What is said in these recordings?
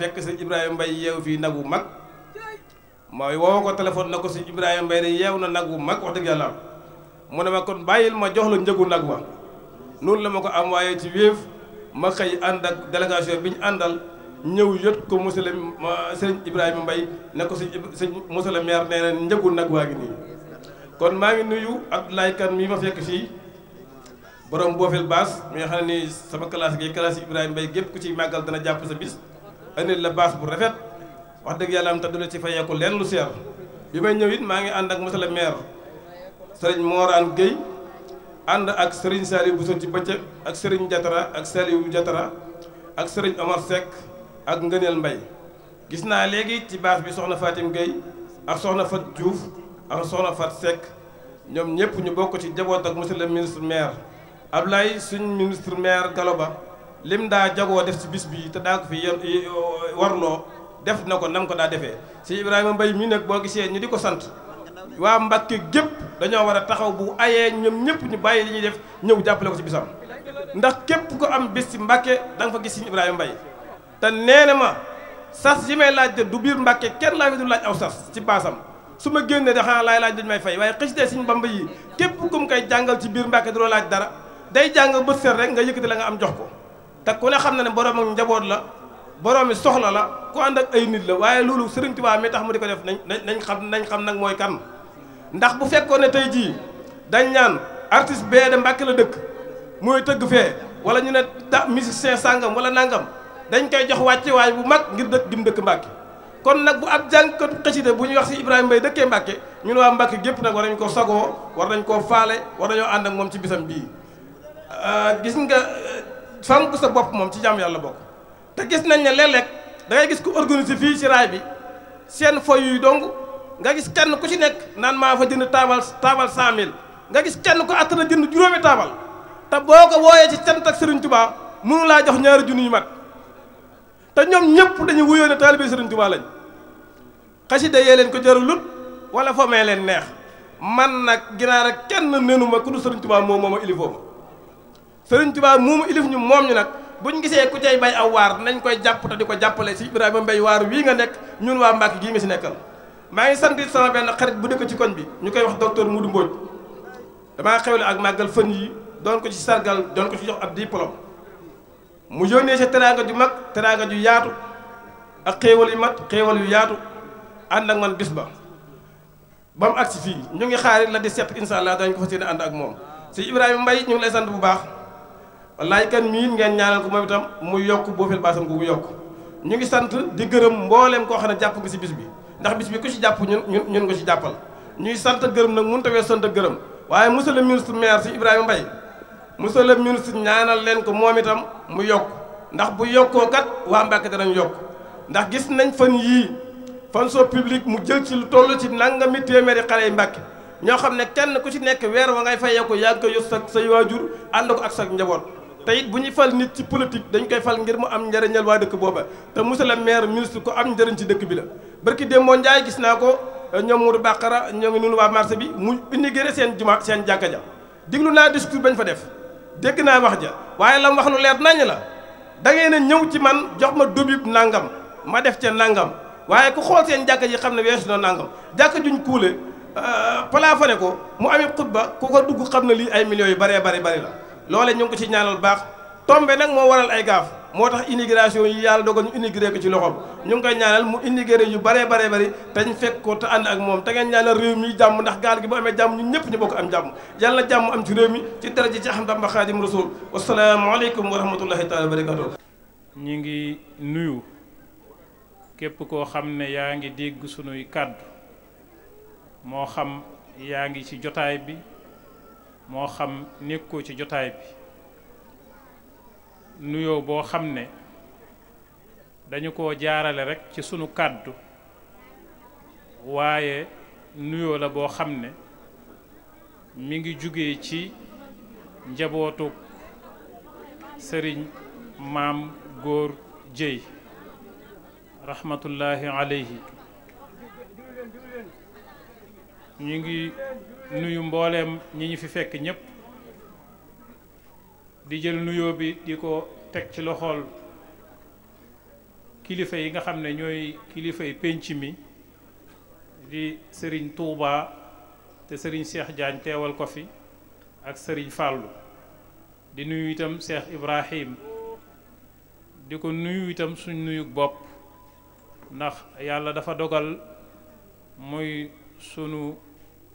fekk sëñ Ibrahima Mbaye yeew fii nag wu mag mooy woo ko téléphone na ko sëñ Ibrahima Mbaye de yeew na nag wu mag wax dëgg yàlla mu ne ma kon bàyyil ma jox la njëgu nag wa la ma ko am waaye ci wéef ma xëy ànd bi ñu àndal ñëw yët ko monsieur le sëñ Ibrahima Mbaye ne ko le maire nee nag waa ngi nii kon maa ngi nuyu Abdoulaye Kane mi ma fekk fii borom boofel baas mi nga xam ne nii sama classe gi classe Ibrahima Mbaye gépp ku ci màggal dana jàpp sa bis indil la baas bu rafet wax dëgg yàlla am du la ci fayeeku lenn lu seer bi may ñëw it maa ngi ànd ak monsieur le maire sëriñ Mooraan Guèye ànd ak sëriñ Saliou Bousso ci bëccëg ak sëriñ Jatara ak Saliou Jatara ak sëriñ Omar Seck ak Ngëneel Mbay gis naa léegi ci baas bi soxna Fatim Guèye ak soxna Fat Diouf ak soxna Fat Seck ñoom ñëpp ñu bokk ci jaboot ak monsieur le ministre maire Ablaye suñ ministre maire Galoba lim daa jagoo def si bis bii te daa ko fi warloo def na ko nam ko daa defee si Ibrahima Mbaye mii nag boo gisee ñu di ko sant waa Mbàkke gépp dañoo war a taxaw bu ayee ñoom ñëpp ñu bàyyi li ñuy def ñëw jàppale ko ci bisam ndax képp ko am bis ci Mbàkke da nga fa gis si Ibrahima mbay te nee na ma sas yi laaj de du biir Mbàkke kenn laa fi du laaj aw sas ci baasam su ma génnee de xanaa laay laaj dañ may fay waaye xësidee Sëriñ Bamba yi képp ku mu koy jàngal ci biir Mbàkke du laaj dara day jàngal bët rek nga yëkkati la nga am jox ko te ku ne xam na ne borom ak njaboot la boroomi soxla la ku ànd ak ay nit la waaye loolu Sëriñ Tuubaa mi tax mu di ko def nañ nañ xam nañ xam nag mooy kan ndax bu fekkoon ne tey jii dañ ñaan artiste bee de Mbàkke la dëkk mooy tëgg fee wala ñu ne ta musicien sàngam wala nangam dañ koy jox wàcce waay bu mag ngir dëkk gim dëkk Mbàkke kon nag bu ab jàngkatu xasida bu ñuy wax si Ibrahima Mbaye dëkkee Mbàkke ñun waa Mbàkke gépp nag war nañ koo sagoo war nañ koo faale war nañoo ànd ak moom ci bisam bii euh, nga fonk sa bopp moom ci jàmm yàlla bokk te gis nañ ne léeg-léeg da gis ku organiser fii ci raay bi seen foy yuy dong nga gis kenn ku ci nekk naan maa fa jënd taabal taabal 100000 nga gis kenn ku attana jënd juróomi taabal te boo ko wooyee ci cant ak Serigne Touba mënu laa jox ñaari junni yu mat te ñoom ñëpp dañu wuyoo ne taalibe Serigne Touba lañ xasida yee leen ko jarulut wala fomee leen neex man nag ginaar ak kenn nenu ma ku du Serigne Touba moom mooma sëriñ Tuubaa moomu ilif ñu moom ñu nag ñu gisee ku cay bay aw waar nañ koy jàpp te ko jàppale si ba Mbay waar wii nga nekk ñun waa Mbàkke gii nga si nekkal maa ngi sant sama benn xarit bu dëkk ci koñ bi ñu koy wax mu Moudou Mbodj damaa xewle ak màggal fën yi doon ko ci sargal doon ko ci jox ab diplôme mu yónnee si teraanga ju mag teraanga ju yaatu ak xéewal yu mat xéewal yu yaatu ànd ak man bis ba ba mu agsi ngi xaari la di seet incha allah dañ ko fas ak moom si Ibrahima Mbay ñu ngi lay sant bu baax wallaay kan miin ngeen ñaanal ko moom itam mu yokk boo fil baasam gu yokk ñu ngi sant di gërëm mbooleem koo xam ne jàpp nga si bis bi ndax bis bi ku ci jàpp ñun ñun ñun nga si jàppal ñuy sant gërëm nag mënut a wees sant gërëm waaye monsieur le ministre maire si Ibrahima Mbaye monsieur le ministre ñaanal leen ko moom itam mu yokk ndax bu yokkoo kat waa Mbàkke danañ yokk ndax gis nañ fan yii fan soo public mu jël ci lu toll ci nangami téeméeri xale yi Mbàkke ñoo xam ne kenn ku ci nekk weer wa ngay fayeeku yàgg ko yóbbu sa say waajur ànd ko ak sa njaboot te bu ñuy fal nit ci politique dañ koy fal ngir mu am njëriñal waa dëkk booba te monsieur le maire ministre ko am njariñ ci dëkk bi la barki démb moo Njaay gis naa ko ñoom Mourou Bakara ñoo ngi nunu waa marché bi mu gën a seen juma seen jàkka ja diglu naa discours bañ fa def dégg naa wax ja waaye lam wax lu leer nañ la da ngeen a ñëw ci man jox ma dóbib nangam ma def ca nangam waaye ku xool seen jàkka ji xam ne weesu na nangam jàkka juñ kuule euh, palafone ko mu amee xutba ku ko dugg xam na lii ay millions yu baree bari bari la loole ñu ngi ko ci ñaanal baax tombe nag moo waral ay gaaf moo tax immigration yi yàlla dogal ñu immigré ci loxoom ñu ngi koy ñaanal mu immigré yu bare baree bari te ñu fekk ko te ànd ak moom te ngeen ñaanal réew mi jàmm ndax gaal gi bu amee jàmm ñun ñëpp ñu bokk am jàmm yàlla na jàmm am ci réew mi ci daraja ci Ahmadu Bamba Xaadimu Rasuul wasalaamaaleykum wa rahmatullahi taala wa barakaatu ñu ngi nuyu képp koo xam ne yaa ngi dégg sunuy kàddu moo xam yaa ngi ci jotaay bi moo xam nekkoo ci jotaay bi nuyoo boo xam ne dañu ko jaarale rekk ci sunu kàddu waaye nuyoo la boo xam ne mi ngi jugee ci njabootu sëriñ maam góor jéy rahmatullahi aleyhi ñu ngi nuyu mbooleem ñi ñu fi fekk ñëpp di jël nuyoo bi di ko teg ci loxool kilifa yi nga xam ne ñooy kilifay pénc mi di sëriñ tuuba te sëriñ seex Diagne teewal ko fi ak sëriñ Fallou di nuyu itam Cheikh Ibrahim di ko nuyu itam suñ nuyug bopp ndax yàlla dafa dogal muy sunu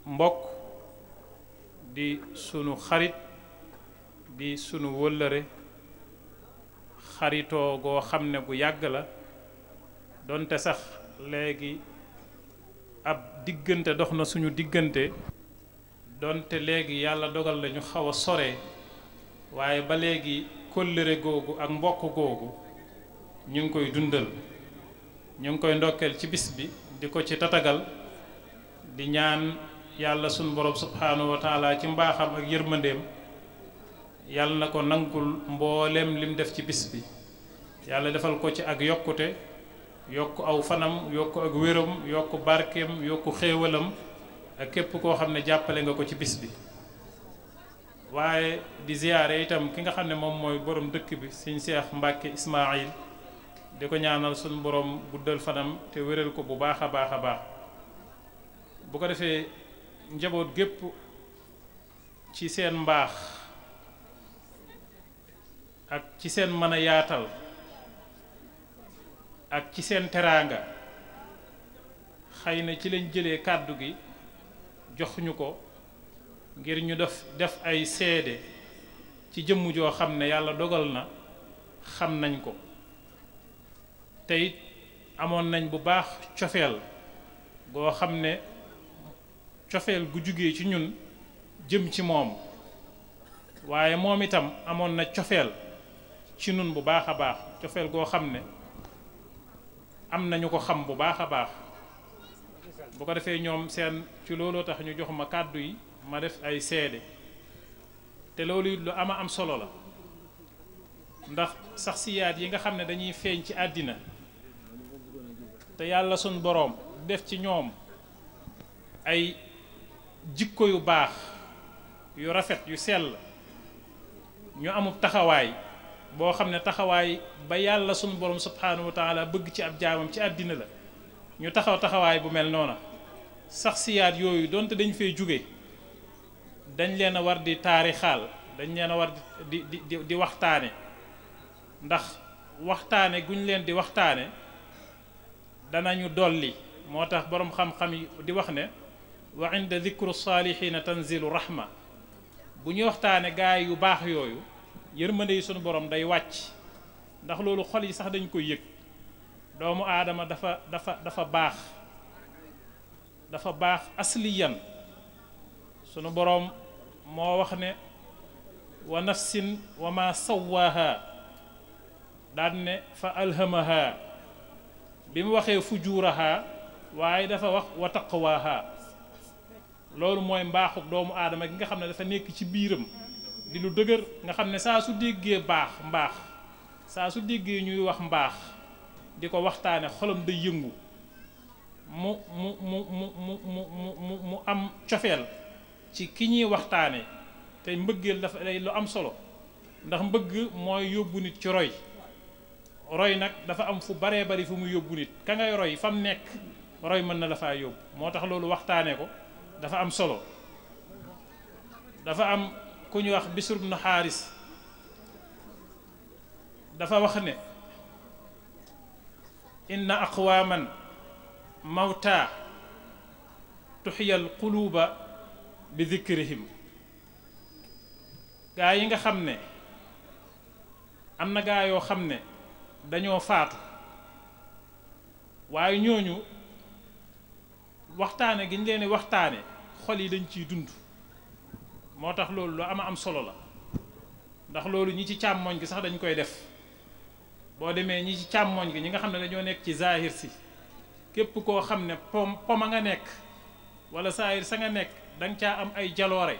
mbokk di sunu xarit di sunu wëllëre xaritoo goo xam ne gu yàgg la donte sax léegi ab diggante dox na suñu diggante donte léegi yàlla dogal lañu xaw a sore waaye ba léegi kóllëre googu ak mbokk googu ñu ngi koy dundal ñu ngi koy ndokkeel ci bis bi di ko ci tatagal di ñaan yàlla sunu borom subhaanahu wa taala ci mbaaxam ak yërmandeem yàlla na ko nangul mbooleem lim def ci bis bi yàlla defal ko ci ak yokkute yokk aw fanam yokk ak wéram yokk barkeem yokk xéewalam ak képp koo xam ne jàppale nga ko ci bis bi waaye di ziyaare itam ki nga xam ne moom mooy boroom dëkk bi sëñ Seex Mbàkke Ismaayil di ko ñaanal sunu borom guddal fanam te wéral ko bu baax a baax a baax bu ko defee njaboot gépp ci seen mbaax ak ci seen mën yaatal ak ci seen teraanga xëy na ci lañ jëlee kàddu gi jox ñu ko ngir ñu def def ay seede ci jëmm joo xam ne yàlla dogal na xam nañ ko te amoon nañ bu baax cofeel goo xam ne cofeel gu jógee ci ñun jëm ci moom waaye moom itam amoon na cofeel ci ñun bu baax a baax cofeel goo xam ne am nañu ko xam bu baax a baax bu ko defee ñoom seen ci looloo tax ñu jox ma kàddu yi ma def ay seede te loolu it lu ama am solo la ndax sax siyaat yi nga xam ne dañuy feeñ ci àddina te yàlla suñ boroom def ci ñoom ay jikko yu baax yu rafet yu sell ñu amub taxawaay boo xam ne taxawaay ba yàlla sunu borom subhaanahu wa taala bëgg ci ab jaamam ci àddina la ñu taxaw taxawaay bu mel noona sax siyaat yooyu donte dañ fee jóge dañ leen a war di taarixaal dañ leen a war di di di waxtaane ndax waxtaane guñ leen di waxtaane danañu dolli moo tax boroom xam-xam yi di wax ne wa inda dikru saalihiina tanzilu rahma bu ñu waxtaane gaay yu baax yooyu yërmande yi sunu borom day wàcc ndax loolu xol yi sax dañu koy yëg doomu aadama dafa dafa dafa baax dafa baax asliyan sunu boroom moo wax ne wa nafsin wa ma sawaaha daane fa alhamaha bi mu waxee fujuuraha waaye dafa wax wa taqwaaha loolu mooy mbaaxu doomu aadama gi nga xam ne dafa nekk ci biiram di lu dëgër nga xam ne saa su déggee baax mbaax saa su déggee ñuy wax mbaax di ko waxtaane xolam day yëngu mu mu mu mu mu mu mu am cofeel ci ki ñuy waxtaanee te mbëggeel dafa day lu am solo ndax mbëgg mooy yóbbu nit ci roy roy nag dafa am fu baree bari fu mu yóbbu nit ka ngay roy fam nekk roy mën na la faa yóbbu moo tax loolu waxtaane ko dafa am solo dafa am ku ñu wax bisr ibn xaaris dafa wax ne inna aqwaaman mawtaa tuxiyal quluuba bi dikrihim gaa yi nga xam ne am na gaa yoo xam ne dañoo faatu waaye ñooñu waxtaane gi ñu leen di waxtaane xol yi dañ ciy dund moo tax loolu lu ama am solo la ndax loolu ñi ci càmmoñ gi sax dañ koy def boo demee ñi ci càmmoñ gi ñi nga xam ne dañoo nekk ci zahir si képp koo xam ne pom a nga nekk wala zahir sa nga nekk danga caa am ay jaloore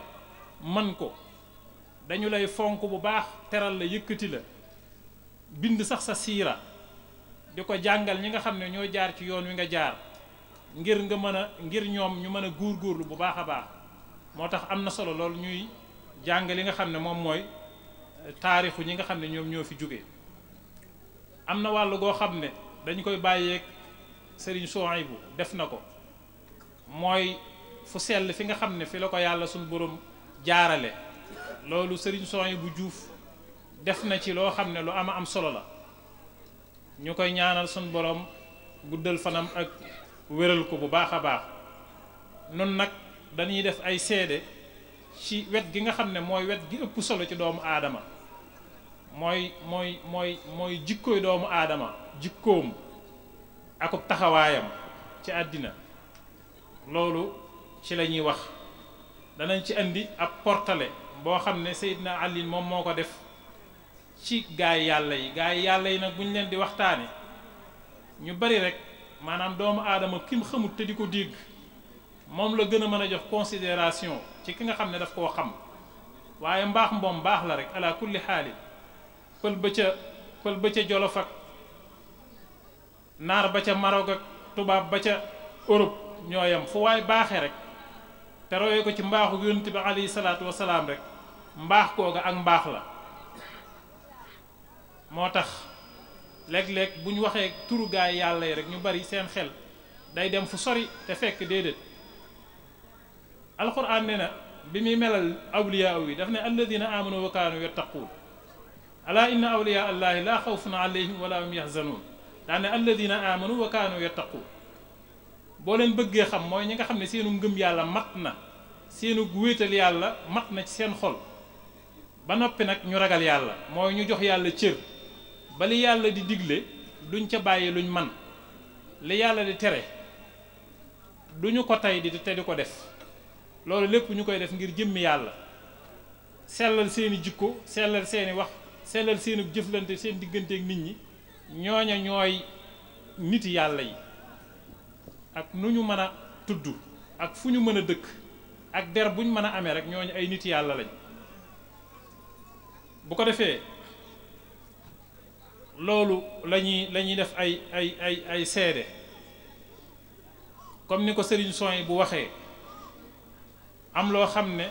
man ko dañu lay fonk bu baax teral la yëkkati la bind sax sa siira di ko jàngal ñi nga xam ne ñoo jaar ci yoon wi nga jaar ngir nga mën a ngir ñoom ñu mën a góorgóorlu bu baax a baax moo tax am na solo loolu ñuy jàng li nga xam ne moom mooy eh, taarixu ñi nga xam ne ñoom ñoo fi jóge am na wàll goo xam ne dañ koy bàyyeeg Serigne Souhaïbou def na ko mooy fu sell fi nga xam ne fi la ko yàlla suñu borom jaarale loolu yi bu juuf def na ci loo xam ne lu ama am solo la ñu koy ñaanal suñu borom guddal fanam ak wéral ko bu baax a baax nun nag dañuy def ay seede ci wet gi nga xam ne mooy wet gi ëpp solo ci doomu aadama mooy mooy mooy mooy jikkooy doomu aadama jikkoom akub taxawaayam ci àddina loolu ci la ñuy wax danañ ci indi ab portale boo xam ne Seydina Ali moom moo ko def ci gaay yàlla yi gaay yàlla yi nag bu ñu leen di waxtaane ñu bari rek maanaam doomu aadama kim xamul te di ko dégg moom la gën a mën a jox considération ci ki nga xam ne daf koo xam waaye mbaax mboom baax la rek ala kulli xaali pël ba ca pël ba ca jolof ak naar ba ca Maroc ak tubaab ba ca Europe ñooyam fu waaye baaxee rek te royee ko ci mbaaxu yonent bi alayhi salaatu wasalaam rek mbaax kooga ak mbaax la moo tax léeg-léeg bu ñu waxee turu gaay yàlla yi rek ñu bari seen xel day dem fu sori te fekk déedéet alxuraan ne na bi muy melal awliyaa yi daf ne alladina amanu wa kaanu yattaquun ala inna awliyaa allahi laa xawfun alayhim wala hum yaxzanuun daa ne alladina amanu wa kaanu yattaquun boo leen bëggee xam mooy ñi nga xam ne seenu ngëm yàlla mat na seenu wéetal yàlla mat na ci seen xol ba noppi nag ñu ragal yàlla mooy ñu jox yàlla cër ba li yàlla di digle duñ ca bàyyi luñ man li yàlla di tere duñu ko tay di te di ko def loolu lépp ñu koy def ngir jëmmi yàlla sellal seeni jikko sellal seeni wax sellal seeni jëflante seen digganteek nit ñi ñooña ñooy nit yàlla yi ak nu ñu mën a tudd ak fu ñu mën a dëkk ak der buñ mën a amee rek ñooñu ay nit yàlla lañ loolu lañuy lañuy def ay ay ay ay seede comme ni ko sëriñ son bu waxee am loo xam ne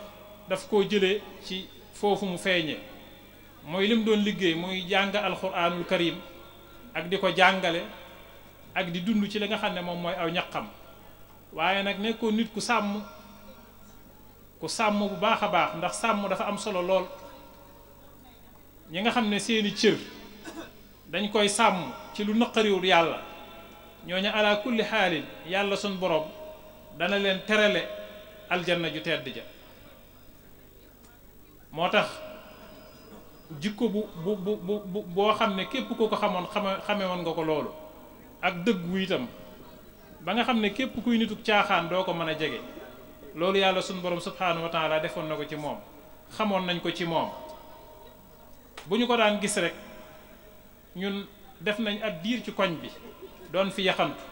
daf koo jëlee ci foofu mu feeñee mooy lim doon liggéey muy jàng alxuraanul karim ak di ko jàngale ak di dund ci li nga xam ne moom mooy aw ñaqam waaye nag nekkoon nit ku sàmm ku sàmm bu baax a baax ndax sàmm dafa am solo lool ñi nga xam ne seeni cër dañ koy sàmm ci lu naqariwul yàlla ñoo ala kulli xaalin yàlla sun borom dana leen terale aljanna ju tedd ja moo tax jikko bu bu bu boo xam ne képp ku ko xamoon xame xame woon nga ko loolu ak dëggu itam ba nga xam ne képp kuy nituk caaxaan doo ko mën a jege loolu yàlla sun borom subhaanahu wa taala defoon na ko ci moom xamoon nañ ko ci moom bu ñu ko daan gis rek ñun def nañ ab diir ci koñ bi doon fi yaxantu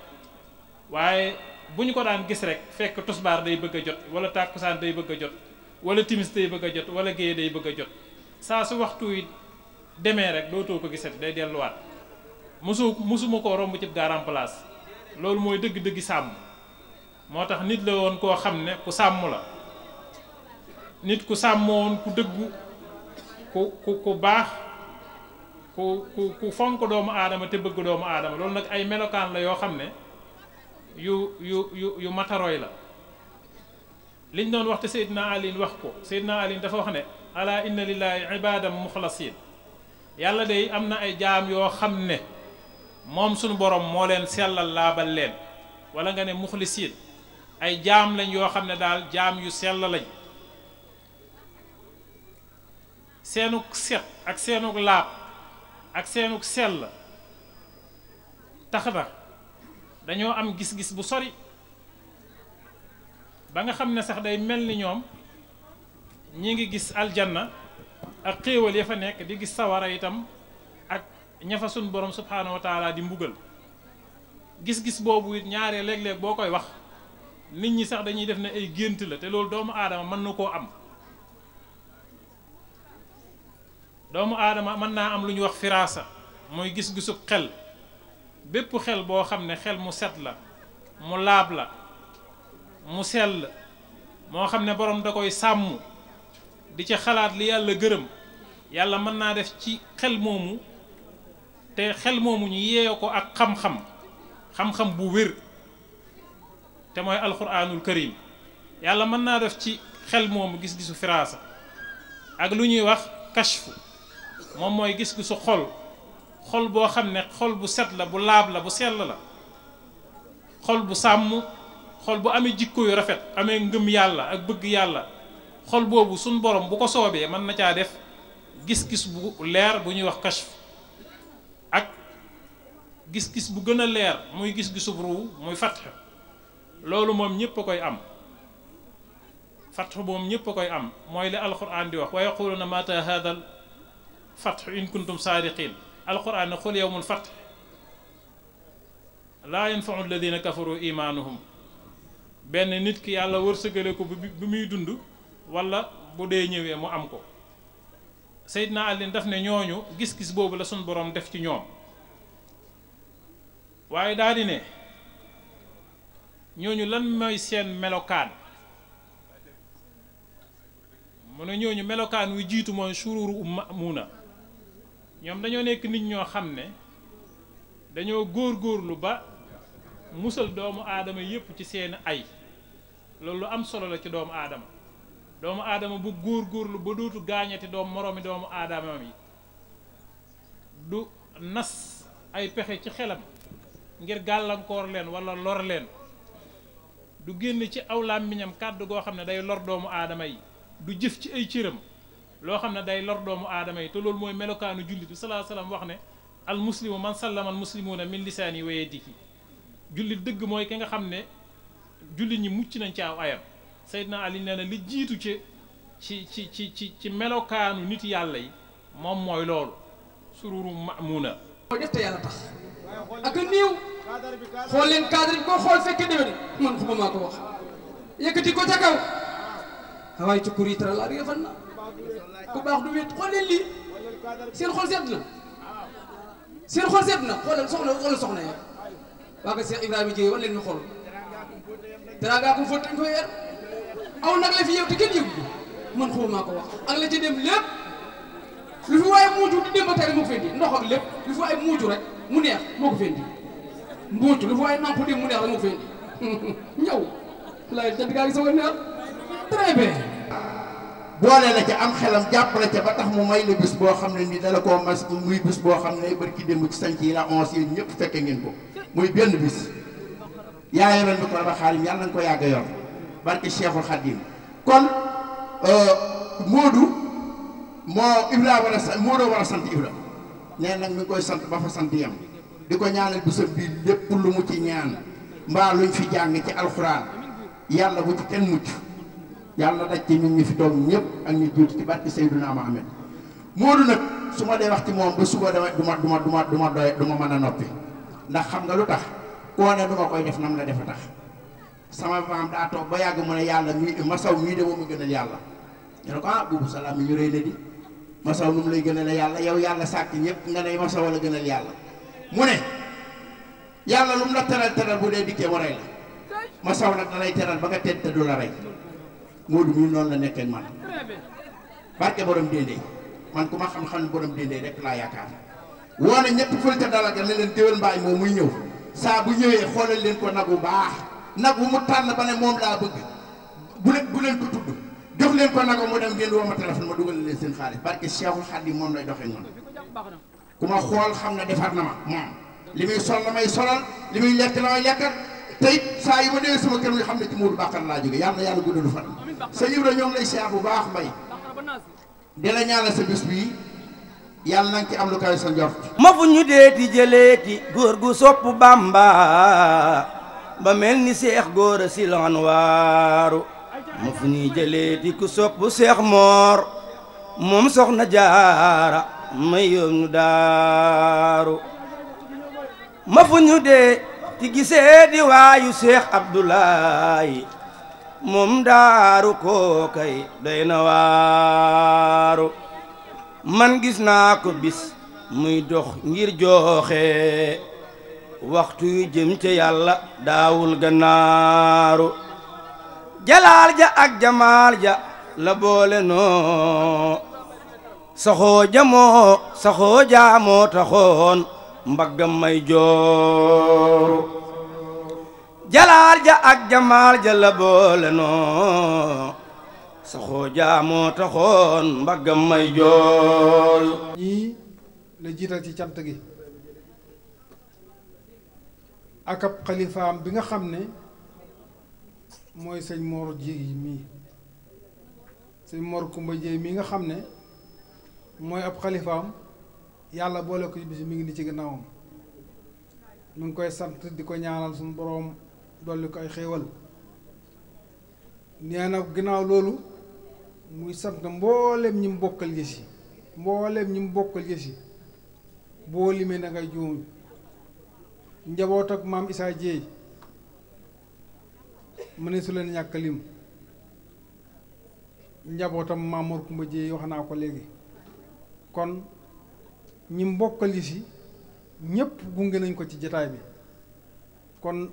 waaye bu ñu ko daan gis rek fekk tusbaar day bëgg jot wala tàkkusaan day bëgg a jot wala timis day bëgg a jot wala géey day bëgg a jot saa su waxtu wi demee rek dootoo ko gisati day delluwaat musu musuma ko romb cib garan loolu mooy dëgg-dëggi sàmm moo tax nit la woon koo xam ne ku sàmm la nit ku sàmmoon ku dëggu ku ku ku baax ku ku ku fonk doomu aadama te bëgg doomu aadama loolu nag ay melokaan la yoo xam ne yu yu yu matarooy la liñ doon wax te Seydina Aliin wax ko Seydina Aliin dafa wax ne ala inna lillahi ibadam muxlasin yàlla day am na ay jaam yoo xam ne moom suñu boroom moo leen sellal laabal leen wala nga ne muxlisiin ay jaam lañ yoo xam ne daal jaam yu sell lañ seenug set ak seenug laab ak seenug sell tax na dañoo am gis-gis bu sori ba nga xam ne sax day mel ni ñoom ñi ngi gis aljanna ak xéewal ya fa nekk di gis sawara itam ak ña fa sun borom subhaanahu wa di mbugal gis-gis boobu it ñaaree léeg-léeg boo koy wax nit ñi sax dañuy def ne ay gént la te loolu doomu aadama mën na koo am doomu aadama mën naa am lu ñuy wax firaasa mooy gis-gisub xel bépp xel boo xam ne xel mu set la mu laab la mu sell moo xam ne boroom da koy sàmm di ci xalaat li yàlla gërëm yàlla mën naa def ci xel moomu te xel moomu ñu yeeyo ko ak xam-xam xam-xam bu wér te mooy alxuraanul karim yàlla mën naa def ci xel moomu gis-gisu firaasa ak lu ñuy wax kashfu moom mooy gis-gisu xol xol boo xam ne xol bu set la bu laab la bu sell la xol bu sàmm xol bu amee jikko yu rafet amee ngëm yàlla ak bëgg yàlla xol boobu suñ borom bu ko soobee mën na caa def gis-gis bu leer bu ñuy wax kashf ak gis-gis bu gën a leer muy gis-gisu ruu muy fath loolu moom ñëpp a koy am fath moom ñëpp a koy am mooy li alquran di wax wa yaquluna mata hadal fatx in kuntum saadiqin alquran ne xul yowmul fatx laa yanfau alladina kafaru imaanuhum benn nit ki yàlla wërsëgale ko bu muy dund walla bu dee ñëwee mu am ko Seydina Ali daf ne ñooñu gis-gis boobu la sun boroom def ci ñoom waaye daal ne ñooñu lan mooy seen melokaan mu ne ñooñu melokaan wi jiitu mooy sururu mamuuna ñoom dañoo nekk nit ñoo xam ne dañoo góor góorlu ba musal doomu aadama yépp ci seen ay loolu lu am solo la ci doomu aadama doomu aadama bu góor góorlu ba duutu gaañati doom moroomi doomu aadama yi du nas ay pexe ci xelam ngir gàllankoor leen walla lor leen du génn ci aw làmmiñam kàddu goo xam ne day lor doomu aadama yi du jëf ci ay cëram loo xam ne day lor doomu aadama yi te loolu mooy melokaanu jullit bi salaa salaam wax ne al muslimu man sallama al muslimuuna min lisaani wa yadihi jullit dëgg mooy ki nga xam ne jullit ñi mucc nañ ci aw ayam Seydina Ali ne na li jiitu ci ci ci ci ci melokaanu nit yàlla yi moom mooy loolu sururu maamuna mooy def te yàlla tax ko wax yëkkati ku baax du wéet xoolal lii seen xol sedd na seen xol sedd na xoolal soxna wala soxna ya waa ko Cheikh Ibrahima Dieye war leen ñu xool teraanga ko fóot dañ aw nag la fi yow te kenn yëgu man xaw maa ak la ci dem lépp lu fi waaye muucu di dem ba tari moo ko fendi ndox ak lépp lu fi waaye muucu rek mu neex moo ko fendi muucu lu fi waaye namp dem mu neex rek moo fendi ñëw laay jant gaa ngi soog a neex boole na ca am xelam jàpp jàppale ca ba tax mu may la bis boo xam ne ni dala koo mas muy bis boo xam ne barki démb ci sanc yi la ñëpp fekke ngeen ko muy benn bis yaa yoroon bi ko raba xaalim yàlla nga ko yàgg yor barke Cheikhul Khadim kon euh, Moodu moo Ibra war a sant Moodu war a sant Ibra nee nag mi koy sant ba fa sant yam di ko ñaanal bisam bii lépp lu mu ci ñaan mbaa luñ fi jàng ci alxuraan yàlla ko ci kenn mucc yàlla daj ci ñu ñu fi toog ñëpp ak ñu juuti ci barke Seydina Muhammad Moodu nag su ma dee wax ci moom ba suba dama duma duma duma duma doy duma man a noppi ndax xam nga lu tax koo ne duma koy def nam la defa tax sama ba yàgg mu ne yàlla mi masaw mii de a gënal yàlla ñu ne ko ah buubu salaam mi ñu rëy na di masaw nu mu lay gënal yàlla yow yàlla sàkk ñëpp nga ne sawa la gënal yàlla mu ne yàlla lu mu teral teral bu dee dikkee mu rey la masaw nag da teral ba nga tedd te du Modou mii noonu la nekkee man barke borom déndéey man ku ma xam-xam borom déndéey rek laa yaakaar woo na ñëpp fële ca dalal ga ne leen déwén mbaay moom muy ñëw saa bu ñëwee xoolal leen ko nagu baax nag wu mu tànn ba ne moom laa bëgg bu leen bu leen ko tudd jox leen ko nagu mu dem ngeen woo ma téléphone ma dugal leen seen xaalis barke Cheikhul Khadim moom lay doxee noonu ku ma xool xam na defar na ma moom li muy sol la may solal li muy lekk la tey yi ma déwee sama kër ñu xam ne ci Mourou Bakar laa jóge yàlla yàlla guddalu fan sa yëb la ñoo ngi si siyaar bu baax mbay di la ñaanal sa bis bii yàlla na nga am lu kawe sa njort ma fu ñu deeti jëleeti góor gu sopp Bàmba ba mel ni seex góor a silan waaru ma fu ñuy jëleeti ku sopp seex moor moom soxna jaara ma yóbbu ñu daaru ma fu ñu dee ci gisee di waayu Seex Abdoulaye moom daaru koo kay man gis naa ko bis muy dox ngir jooxe waxtu yu ca yàlla daawul gannaaru jalaal ja ak jamaal ja la boole noo saxoo jamoo saxoo jaamoo taxoon mbaggam may jooru jalaal ja ak jamaal ja la boole saxoo jaamoo taxoon mbaggam may jool ñii la jiital ci cant gi ak ab xalifaam bi nga xam ne mooy sëñ Mor Jéey mii sëñ Mor Kumba Jéey mii nga xam ne mooy ab xalifaam yàlla boole ko ci bis mi ngi nii ci gannaawam mu ngi koy sant di ko ñaanal suñu boroom dolli ko xéewal nee na ginnaaw loolu muy sant mbooleem ñi mu bokkal yës yi mbooleem ñi mu bokkal yës yi boo limee na ngay juum njaboot ak maam Isaa Jéey mu ne su leen ñàkk lim njabootam Mamour Kumba Jéey wax naa ko léegi kon ñi mbokkali si ñépp gunge nañ ko ci jataay bi kon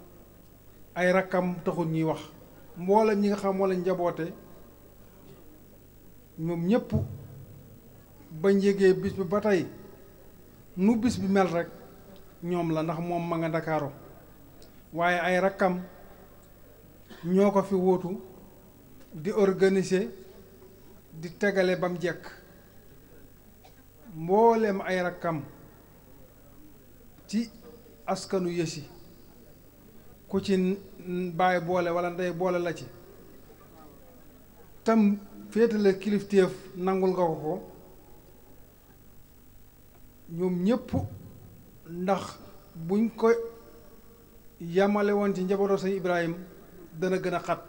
ay rakkam taxul ñuy wax mboolem ñi nga xam moo njaboote moom ñépp ba yégee bis bi ba tey nu bis bi mel rekk ñoom la ndax moom ma nga ndakaaru waaye ay rakkam ñoo ko fi wóotu di organiser di tegale bam jekk mboolem ay rakkam ci askanu yësi ku ci baay boole wala ndey boole la ci tam féetale kilifteef nangul nga ko ko ñoom ñépp ndax buñ ko yamale woon ci njabootoo sëñ Ibrahim dana gën a xat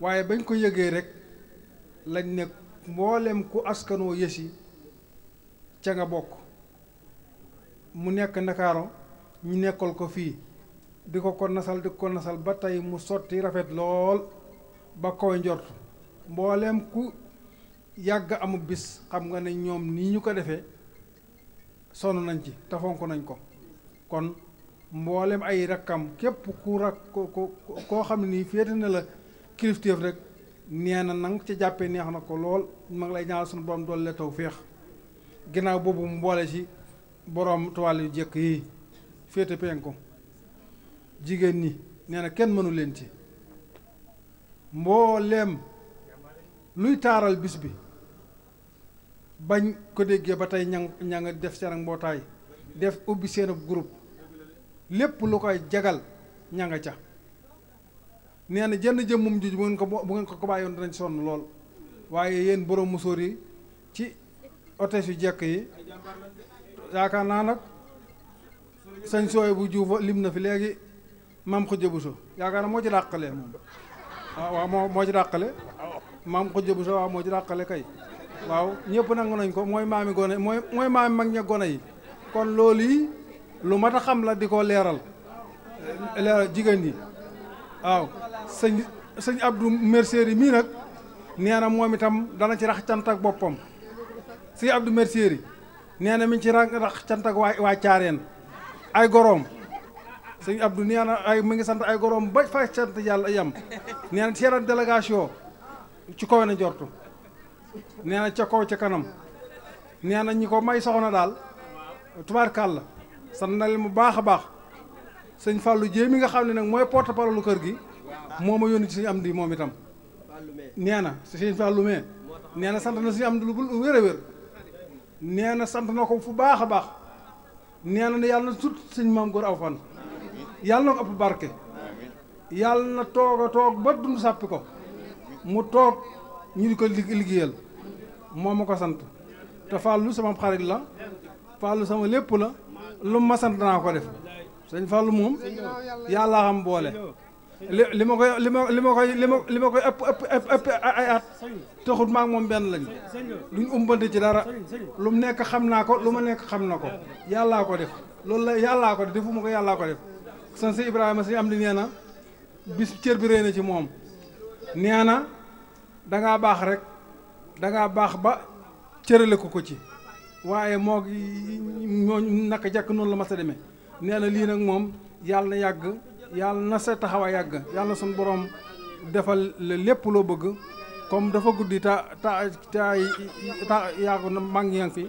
waaye bañ ko yëgee rekk lañ ne mboolem ku askanoo yësi ca nga bokk mu nekk ndakaaru ñu nekkal ko fii di ko ko nasal di ko nasal ba tey mu sotti rafet lool ba koy njort mbooleem ku yàgg amub bis xam nga ne ñoom nii ñu ko defee sonn nañ ci te fonk nañ ko kon mboolem ay rakkam képp ku rak ko ko koo xam ne nii féete na la kilifteef rek nee na nang ca jàppee neex na ko lool ma lay ñaar sunu borom doole taw féex ginnaaw boobu mu boole ci boroom toile yu jekk yi féete penku jigéen ñi nee na kenn mënu leen ci mbooleem luy taaral bis bi bañ ko déggee ba tey ña ña nga def seen ak mbootaay def ubbi seen ab groupe lépp lu koy jagal ña nga ca nee na jenn jëmmum juj bu ngeen ko bu ngeen ko ko bàyyoon danañ sonn lool waaye yéen boroom musóor ci otes yu jekk yi yaakaar naa nag sëñ sooy bu juufa lim na fi léegi maam xujja buso yaakaar naa moo ci dàqale moom ah, waaw moo moo ci dàqale maam xujja buso waaw moo ci dàqale kay waaw ñépp nangu nañ ko mooy maami gone mooy mooy maami mag ña gone yi kon loolu yi lu mat a xam la di ko leeral leeral jigéen ñi waaw sëñ sëñ Abdou Mercier yi mii nag nee na moom itam dana ci rax cant ak boppam si Abdou Mercier yi na mi ci rang ndax cant ak waa waa caareen ay goroom sëñ Abdou nee ay mi ngi sant ay goroom ba fa sant yàlla yam nee na seen délégation ci kaw na jortu nee na ca kaw ca kanam nee na ñi ko may soxna daal tubaarkàlla sant na leen mu baax a baax sëñ Fallou Dieng mi nga xam ne nag mooy porte parole lu kër gi moo ma yónni ci sëñ Amdi moom itam nee na sëñ Fallou mee nee na sant na sëñ lu wér a wér nee na sant na ko fu baax a baax nee na yàlla na sut sëñ maam góor aw fan yàlla na ko ëpp barke yàlla na toog a toog ba dund sàppi ko mu toog ñu di ko liggéeyal moo ma ko sant te fàllu sama xarit la fàllu sama lépp la lu ma sant naa ko def sëñ fàllu moom yàlla xam boole li li ma koy li ma li ma koy li ma koy ëpp ëpp ëpp ay at taxul maak moom benn lañ luñ umbante ci dara lu mu nekk xam naa ko lu ma nekk xam na ko yàllaa ko def loolu la yàllaa ko def defu ma ko yàllaa ko def san si Ibrahima si am di nee na bis cër bi rëy na ci moom nee na dangaa baax rek dangaa baax ba cërale ko ko ci waaye moo moo naka jàkk noonu la ma a demee nee na lii nag moom yàlla na yàgg yàlla na taxaw a yàgg yàlla na suñu borom defal lépp loo bëgg comme dafa guddi ta ta ta yaagu na mag ñi fi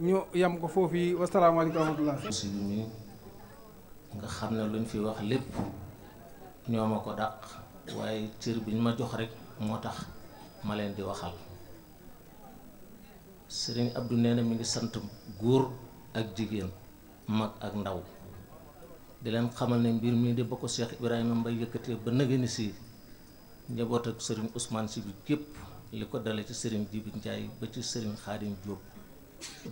ñu yam ko foofu yi wasalaamaaleykum wa rahmatullah musulmi nga xam ne luñ fi wax lépp ñoo ma ko dàq waaye cër bi ñu ma jox rek moo tax ma leen di waxal sëriñ Abdou nee na mi ngi sant góor ak jigéen mag ak ndaw di leen xamal ne mbir mii de ba ko Cheikh Ibrahima Mbaye yëkkatee ba nëgëni si njaboot ak sëriñ Ousmane si bi gépp li ko dale ci sëriñ Jibi Njaay ba ci sëriñ Xaadim Jóob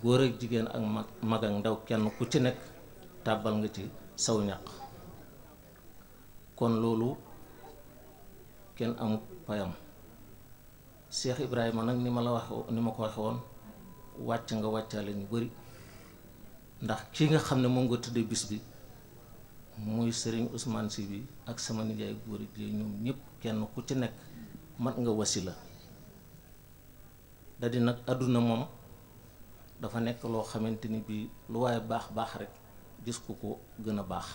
góor ak jigéen ak mag mag ak ndaw kenn ku ci nekk tàbbal nga ci saw ñaq kon loolu kenn amut payam Cheikh Ibrahima nag ni ma la waxe ni ma ko waxe woon wàcc nga wàccaale ñu bari ndax ki nga xam ne moom nga tudde bis bi muy Serigne Ousmane si bi ak sama nijaay góor gi ñoom ñëpp kenn ku ci nekk mat nga wasila la di nag àdduna moom dafa nekk loo xamante ni bii lu waaye baax baax rek gis ku ko gën a baax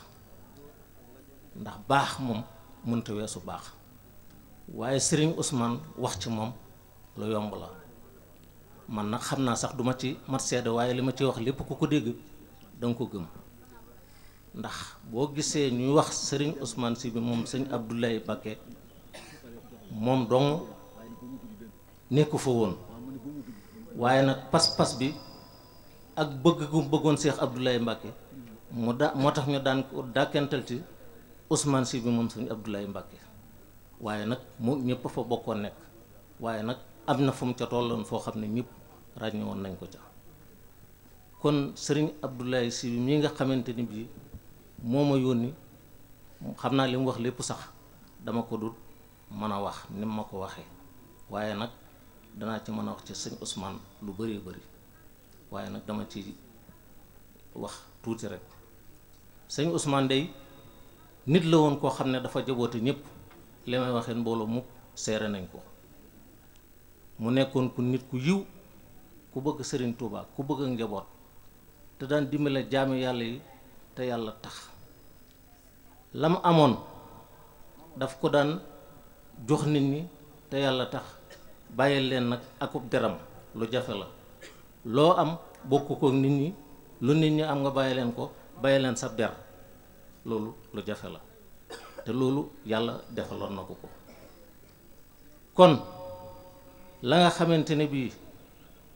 ndax baax moom mënta weesu baax waaye sëriñ Ousmane wax ci moom lu yomb la man nag xam naa sax duma ci mat sedd waaye li ma ci wax lépp ku ko dégg danga ko gëm ndax boo gisee ñuy wax sëriñ Ousmane si bi moom sëñ Abdoulaye Mbacké moom dong nekku fa woon waaye nag pas-pas bi ak bëgg gu bëggoon Cheikh Abdoulaye Mbacké mu da moo tax ñu daan ko dàkkental ci Ousmane si bi moom sëñ Abdoulaye Mbacké waaye nag mu ñëpp fa bokkoon nekk waaye nag am na fu mu ca tolloon foo xam ne ñëpp ràññewoon nañ ko ca kon sëriñ Abdoulaye si bi mii nga xamante ni bii moo ma yónni xam naa li mu wax lépp sax dama ko dul mën a wax ni ma ko waxee waaye nag danaa ci mën a wax ci sëñ Ousmane lu bëree bari waaye nag dama ci wax tuuti rek sëñ usmaan dey nit la woon koo xam ne dafa jaboote ñëpp li may waxee mbooloo mu seere nañ ko mu nekkoon ku nit ku yiw ku bëgg sëriñ Touba ku bëgg ak njaboot te daan dimbale jaami yàlla yi te yàlla tax la mu amoon daf ko daan jox nit ñi te yàlla tax bàyyil leen nag akub deram lu jafe la loo am bokk ko nit ñi lu nit ñi am nga bàyyi leen ko bàyyi leen sab der loolu lu jafe la te loolu yàlla defaloon na ko ko kon la nga xamante ne bii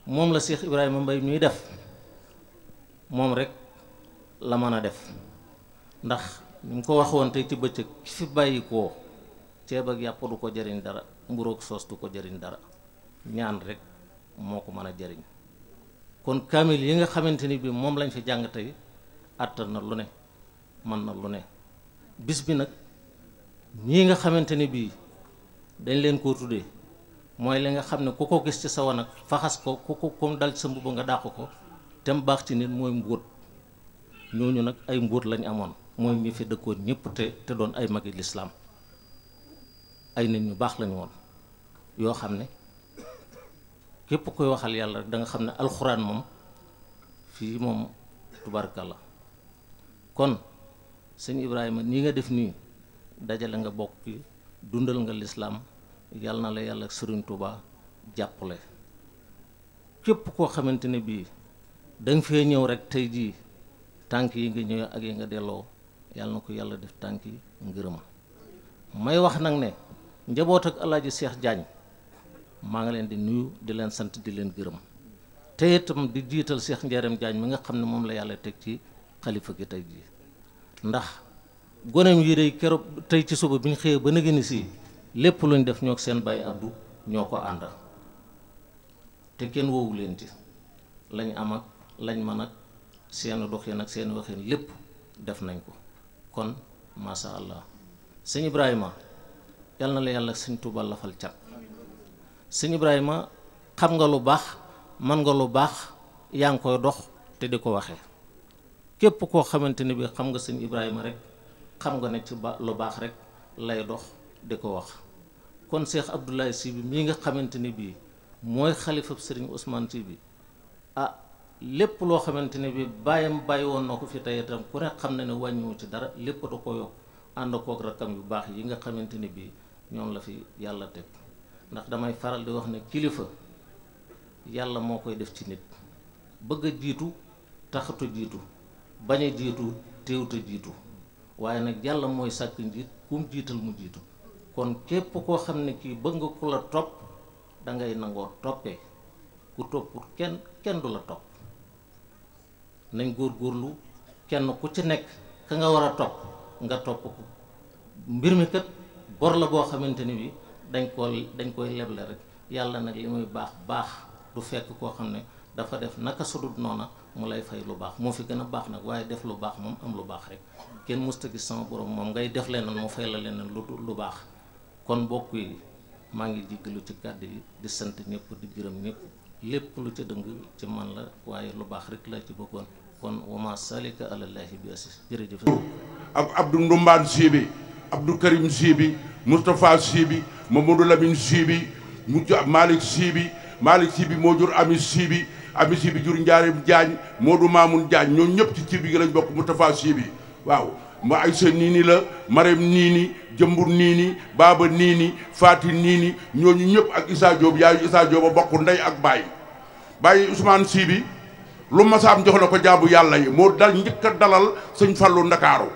moom la Cheikh Ibrahima mbay ñuy def moom rek la mën a def ndax ni mu ko waxoon tey ci bëccëg ki fi bàyyi koo ceeb ak yàpp du ko jariñ dara mburook soos du ko jariñ dara ñaan rek moo ko mën a jariñ kon kaamil yi nga xamante ni bi moom lañ fi jàng àttan na lu ne mën na lu ne bis bi nag ñii nga xamante ni bii dañ leen koo tuddee mooy li nga xam ne ku ko gis ci sa wan faxas ko ku ko kom dal ci sa mbubb nga dàq ko te mu baax ci nit mooy mbóot ñooñu nag ay mbóot lañ amoon mooy ñi fi dëkkoon ñëpp te doon ay magi lislaam ay nit ñu baax lañu woon yoo xam ne képp koy waxal yàlla rek da xam ne alxuraan moom fii moom la kon sëñ Ibrahima nii nga def nii dajale nga bokk dundal nga lislaam yàlla na la yàlla ak sëriñ Tuubaa jàppale képp koo xamante ne bii danga fee ñëw rek tey jii tànk yi nga ñëw ak yi nga delloo yàlla na ko yàlla def tànki ngërëma may wax nag ne njaboot ak alaaji Seex Jaañ maa ngi leen di nuyu di leen sant di leen gërëm te di jiital Seex Njaarem Jaañ mi nga xam ne moom la yàlla teg ci xalifa gi ndax goneem yi day keroog tey ci suba bi ñu xëyee ba nëgëni si lépp luñ def ñoo seen bàyyi addu ñoo ko ànd te kenn woowu leen ci lañ am ak lañ mën ak seen doxin ak seen waxin lépp def nañ ko kon macha allah sëñ Ibrahima yal na la yàlla sëñ Tuuba lafal cat sëñ Ibrahima xam nga lu baax man nga lu baax yaa ngi koy dox te di ko waxee képp koo xamante ni bi xam nga sëñ Ibrahima rek xam nga ne ci lu baax rek lay dox di ko wax kon Cheikh Abdoulaye Sy bi mii nga xamante ni bii mooy xalifab sëriñ Ousmane Sy bi ah lépp loo xamante ne bi bàyyam bàyyi woon na ko fi tey itam ku ne xam na ne wàññiwu ci dara lépp da ko ànd kook rakkam yu baax yi nga xamante ne bi ñoom la fi yàlla teg ndax damay faral di wax ne kilifa yàlla moo koy def ci nit bëgg a jiitu taxatu jiitu bañ a jiitu téewta jiitu waaye nag yàlla mooy sàkk njiit kum jiital mu jiitu kon képp koo xam ne kii bëgg nga ku la topp da nangoo toppee ku toppul kenn kenn du la topp nañ góor góorlu kenn ku ci nekk ka nga war a topp nga topp ko mbir mi kat bor la boo xamante ni bi dañ koy dañ koy leble rek yàlla nag li muy baax baax du fekk koo xam ne dafa def naka sudut noona mu lay fay lu baax moo fi gën a baax nag waaye def lu baax moom am lu baax rek kenn musta gis sama borom moom ngay def leneen mu fay la leneen lu lu baax kon mbokk yi maa ngi jéggalu ci kàddu yi di sant ñëpp di gërëm ñëpp lépp lu ca dëng ci man la waaye lu baax rek laa ci bëggoon kon wama salika àlallaahi bi assis jërëjëf ak Abdou Ndumbaan Sibi Abdou Karim Sibi Moustapha Sibi Mamadou Lamine Sibi mu Malick Sibi Malick Sibi moo jur Ami Sibi Ami Sibi jur Njaarim Jaañ Modou Mamoun Jaañ ñoom ñëpp ci bi gi lañ bokk Moustapha Sibi waaw ma ay sa niini la Marème niini jëmbur niini Baba niini Faati niini ñooñu ñëpp ak Issa Diop yaayu Issa Diop a bokk ndey ak baay bàyyi Ousmane Sy bi lu masaam jox na ko jaabu yàlla yi moo dal njëkk a dalal sëñ Fallou Ndakaaru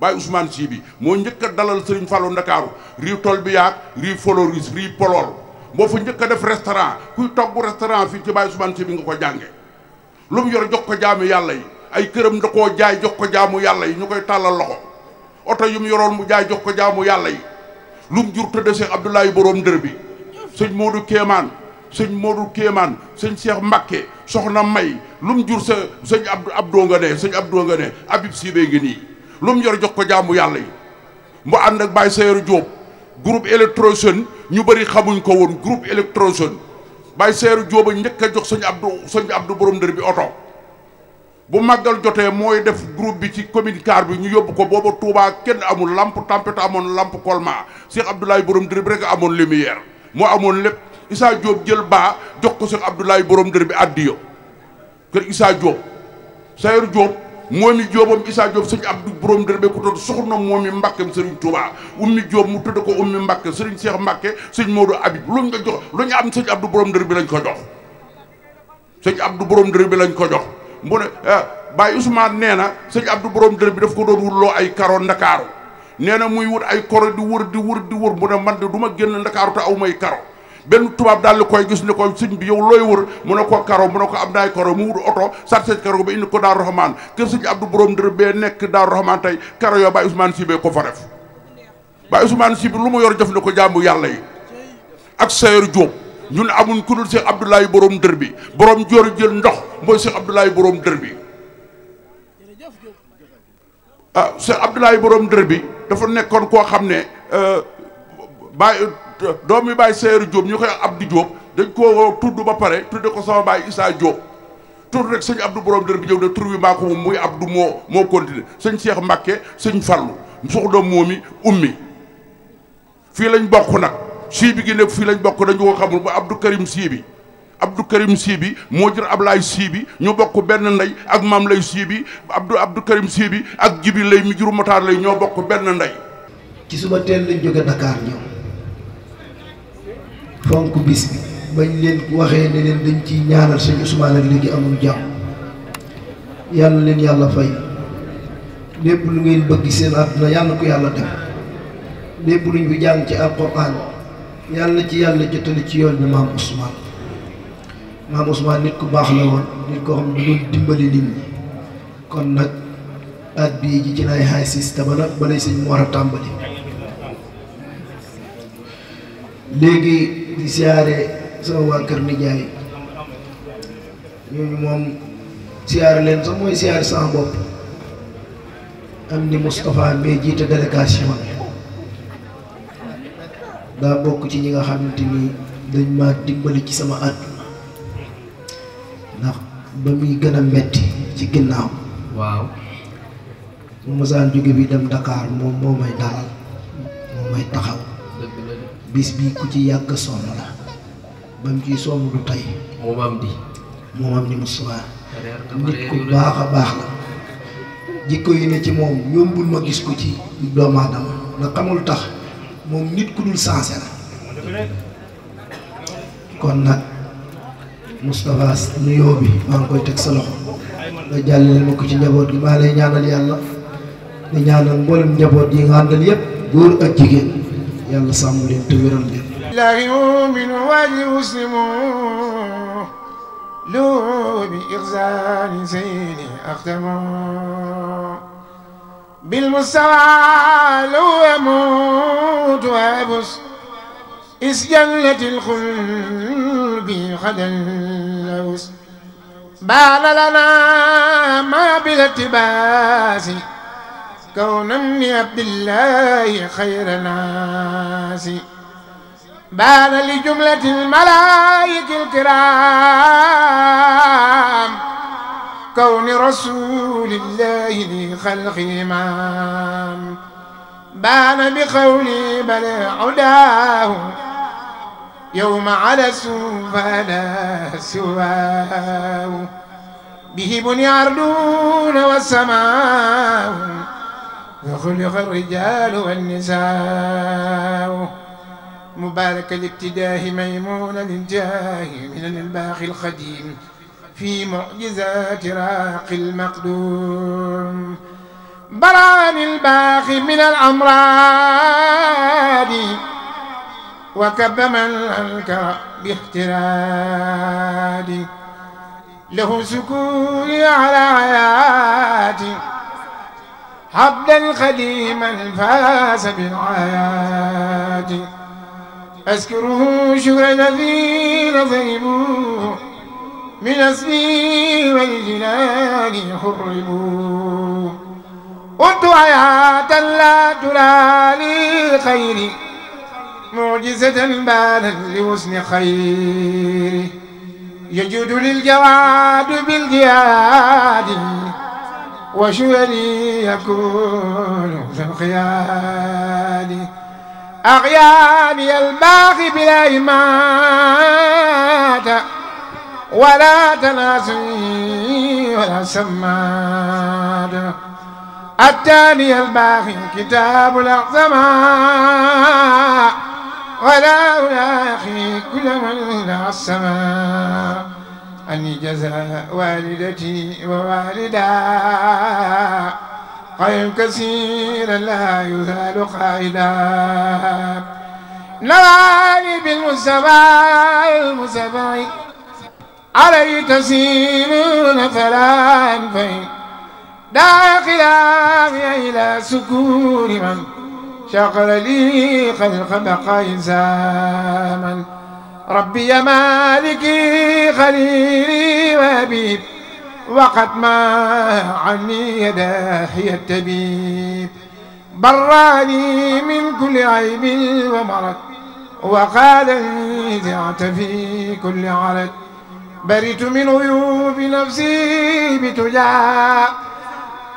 bàyyi Ousmane Sy bi moo njëkk a dalal sëñ Fallou Ndakaaru riiw tol bi yaag riiw foloris riiw polool moo fa njëkk def restaurant kuy togg restaurant fii ci bàyyi Ousmane Sy bi nga ko jànge lu mu yor jox ko jaamu yàlla yi ay këram da koo jaay jox ko jaamu yàlla yi ñu koy tàllal loxo oto yu mu yoroon mu jaay jox ko jaamu yàlla yi lu mu jur tëdd Cheikh Abdoulaye borom dër bi sëñ Modou Kéemaan sëñ moodu Kéemaan sëñ Cheikh Mbakke soxna May lum jur sa sëñ Abdou Abdou nga ne sëñ Abdou nga ne Habib Sibé ngi nii lu mu yor jox ko jaamu yàlla yi mu ànd ak Baye Sayer Diop groupe électrogène ñu bari xamuñ ko woon groupe électrogène Baye Sayer Diop a njëkk a jox sëñ Abdou sëñ Abdou dër bi oto bu màggal jotee mooy def groupe bi ci commune bi ñu yóbbu ko boobu Touba kenn amul lamp tampeta amoon lamp Kolma Cheikh Abdoulaye borom dër bi rek amoon lumière moo amoon lépp Issa Diop jël baa jox ko Cheikh Abdoulaye borom dër bi addiyo kër Issa Diop Sayar Diop moomi joobam Issa Diop sëñ Abdou borom dër be ku tudd soxna moomi Mbàkkem Serigne Touba ummi Diop mu tudd ko ummi Mbàkke Serigne Cheikh Mbàkke sëñ Modou Habib luñ nga jox lu ñu am sëñ Abdou borom dër bi lañ ko jox sëñ Abdou borom dër bi lañ ko jox mu ne eh, Baye Ousmane nee na sëñ Abdou borom dër bi daf ko doon wutloo ay karo Ndakaaru nee na muy wut ay koro di wër di wër di wër mu ne man de du ma génn Ndakaaru te aw may karo benn tubaab daal di koy gis ni ko sëñ bi yow looy wër mu ne ko karo mu ne ko am naay karo mu wut oto sarset karo ba indi ko Daaru Rahman kër sëñ Abdou Borom Ndër nekk Daaru Rahman tey karo yoo Baye Ousmane Sibé ko fa lu mu yor jëf ni ko jaamu yàlla yi ak amuñ ku dul Cheikh Abdoulaye bi borom joor jël ndox mooy Cheikh Abdoulaye Borom Ndër bi ah Cheikh Abdoulaye bi dafa nekkoon koo xam ne euh, Baye. doom yi bàyyi Seeru Jóob ñu koy Abdu Jóob dañ koo woo tudd ba pare tudde ko sama bàyyi Isaa Jóob tudd rek sëñ Abdu borom dër bi ñëw ne tur bi maa ko moom muy Abdu moo moo continué sëñ Cheikh Mbàkke sëñ Fallu sox doom moomi ummi fii lañ bokk nag sii bi gi nekk fii lañ bokk dañu ko xamul ba Abdou Karim sii bi Abdou Karim sii bi moo jur Ablaay sii bi ñu bokk benn ndey ak maam lay sii bi Abdou Abdou Karim sii bi ak jibi lay mi juru motaar lay ñoo bokk benn ndey ci suba teel lañ jóge Dakar fonk bis bi bañ leen waxee ne leen dañ ciy ñaanal sëñ Ousmane ak léegi amul jàmm yàlla leen yàlla fay lépp lu ngeen bëgg seen àdduna yàlla ko yàlla def lépp luñ fi jàng ci alquran yàlla ci yàlla jotali ci yoon bi maam Ousmane maam Ousmane nit ku baax la woon nit koo xam ne dimbali nit ñi kon nag at bii ji ci lay xaay siis te ba nag balay sëñ mu war a tàmbali léegi di siyaare sama waa kër nijaay ñooñu moom siyaar leen sax mooy siyaar sama bopp am ni Moustapha mais jiite délégation daa bokk ci ñi nga xamante ni dañ ma dimbali ci sama àdduna ndax ba muy gën a metti ci ginnaaw waaw mu masaan jóge bi dem Dakar moom moo may dalal taxaw bis bi ku ci yàgg sonn la ba mu ciy sonn du tey moomaam di moomaam di nit ku baax a baax la jikko yi ne ci moom yombul ma gis ko ci doomu aadama xamul tax moom nit ku dul sensé la kon nag Moustapha nuyoo bi maa ngi koy teg sa loxo nga jàllale ma ko ci njaboot gi maa lay ñaanal yàlla di ñaanal mboolem njaboot yi nga àndal yépp góor ak jigéen yàlla sàmm leen te wéral leen لله مؤمن والمسلم له بإخزان زين أختم بالمستوى لو يموت وأبس إس جنة الخلد خد اللوس بان لنا ما بالاتباس كونا لعبد الله خير ناس بان لجملة الملائك الكرام كون رسول الله لخلق إمام بان بقولي بلا عداه يوم على فلا سواه به بني عرضون والسماء وخلق الرجال والنساء مبارك الابتداء ميمون للجاه من الباخ القديم في معجزات راق المقدوم بران الباخ من الأمراض وكب من أنكر باحتراد له سكون على حياتي عبدا قديما فاز بالعيات أذكره شكرا في نظيمه من اسمي والجنان حرموا قلت حياة لا تلالي خيري معجزة بالا لحسن خيري يجود للجواد بالجهاد وشولي يكون ذا القياد أغيابي الباغي بلا إماتة ولا تناسي ولا سماد التالي الباغي كتاب الأقزماء ولا أخي كل من لا السماء أني جزاء والدتي ووالدا خير كثيرا لا يزال قائلا نوالي بالمصطفى المصطفى علي تسيرون فلا أنفي داخلا إلى سكون من شغل لي خلق بقى زمن ربي مالكي خليلي وابيب وقد ما عني يداحي التبيب براني من كل عيب ومرض وقال لي ذعت في كل عرض بريت من عيوب نفسي بتجاه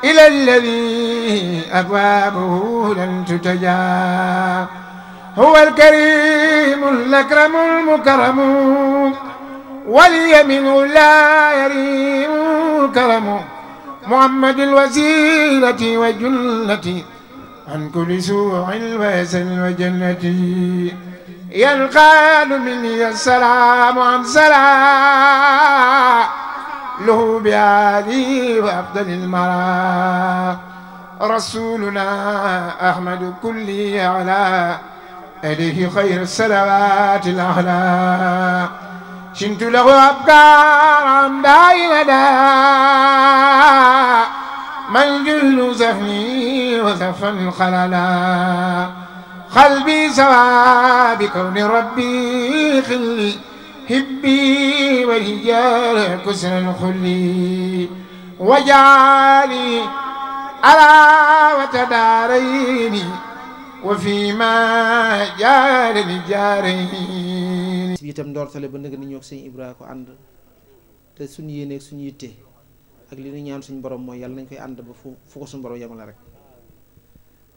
إلى الذي أبوابه لن تتجاه هو الكريم الأكرم المكرم ولي منه لا يريم الكرم محمد الوسيلة وجلتي عن كل سوء الوسل وجلتي ينقال مني السلام عن سلام له بعلي وأفضل المرا رسولنا أحمد كلي على إليه خير الصلوات الأخلاق شنت له أبكارا بايندا من جل زهني وزفا خللا قلبي سوى بكون ربي خلي هبي والهجار كسرا خلي وجعلي ألا وتداريني وفي ما جارني جارين bi itam ndoortale ba nag ni ñoo sëñ Ibra ko ànd te suñ yéene ak suñu yitte ak li ñu ñaan suñu borom mooy yàlla nañ koy ànd ba fu fu ko suñu borom yemale rek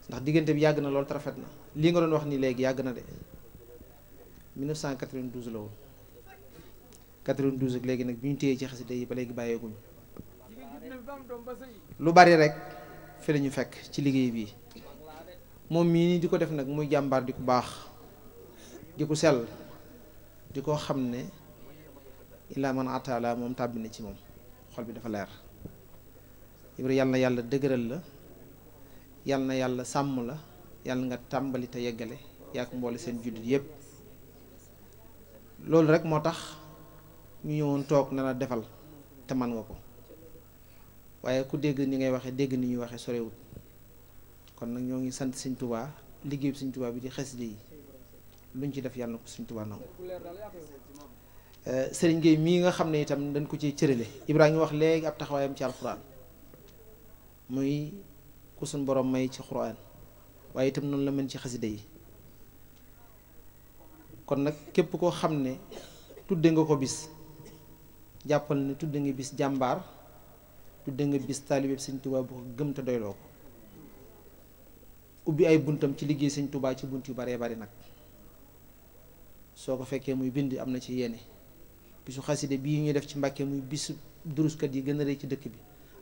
ndax diggante bi yàgg na loolu te rafet na lii nga doon wax ni léegi yàgg na de 1992 la woon 92 ak léegi nag bi ñu téyee ci xasida yi ba léegi bàyyeeguñu lu bari rek fi la ñu fekk ci liggéey bii moom mii nii di ko def nag muy jàmbaar di ku baax di ku sell di koo xam ne illaa man ataala moom tàbbi na ci moom xol bi dafa leer Ibra yàlla na yàlla dëgëral la yàlla na yàlla sàmm la yàlla nga tàmbali te yeggale yaa mboole seen jullit yépp loolu rek moo tax ñu ñëwoon toog na la defal te man nga ko waaye ku dégg ni ngay waxee dégg ni ñuy waxee sorewut kon nag ñoo ngi sant sëñ tubaa liggéey bi tubaa bi di xaside yi luñ ci def yàlla na ko sëñ tubaa nangu euh, sëriñ Gueye mii nga xam ne itam dañ ko ci ibraa ngi wax léegi ab taxawaayam ci alxuraan muy ku suñ borom may ci xuraan waaye itam noonu la mel ci xaside yi kon nag képp koo xam ne tudde nga ko bis jàppal ne tudde nga bis jàmbaar tudde nga bis taalibe sëñ tubaa bu ko gëm te doyloo ko ubbi ay buntam ci liggéey sañ Touba ci bunt yu baree bari nag soo ko fekkee muy bind am na ci yéene bisu xaside bii ñuy def ci Mbàkke muy bisu duruskat yi gën a rëy ci dëkk bi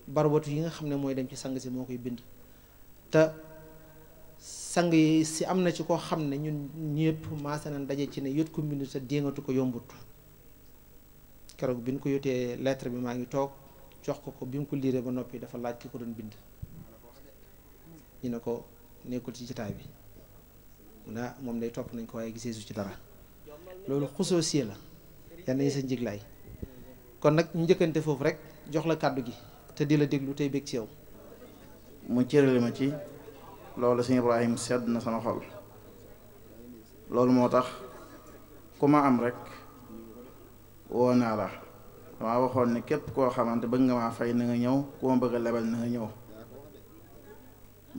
barbatu yi nga xam ne mooy dem ci sang si moo koy bind te sang yi si am na ci koo xam ne ñun ñëpp maase nañ daje ci ne yot ko mbind te déngatu ko yombut keroog bi ñu ko yotee lettre bi maa ngi toog jox ko ko bi mu ko liiree ba noppi dafa laaj ki ko doon bind ñu ne ko nekkul ci jataay bi mu ne moom day topp nañ ko waaye gisee su ci dara loolu xusoosiyee la yal nañu sa njiglaay kon nag ñu njëkkante foofu rek jox la kàddu gi te di la déglu tey bég ci yow. mu cërale ma ci loolu sëñ Ibrahima sedd na sama xol loolu moo tax ku ma am rek woo naa la damaa waxoon ne képp koo xamante bëgg nga maa fay na nga ñëw ku ma bëgg a lebal na ñëw.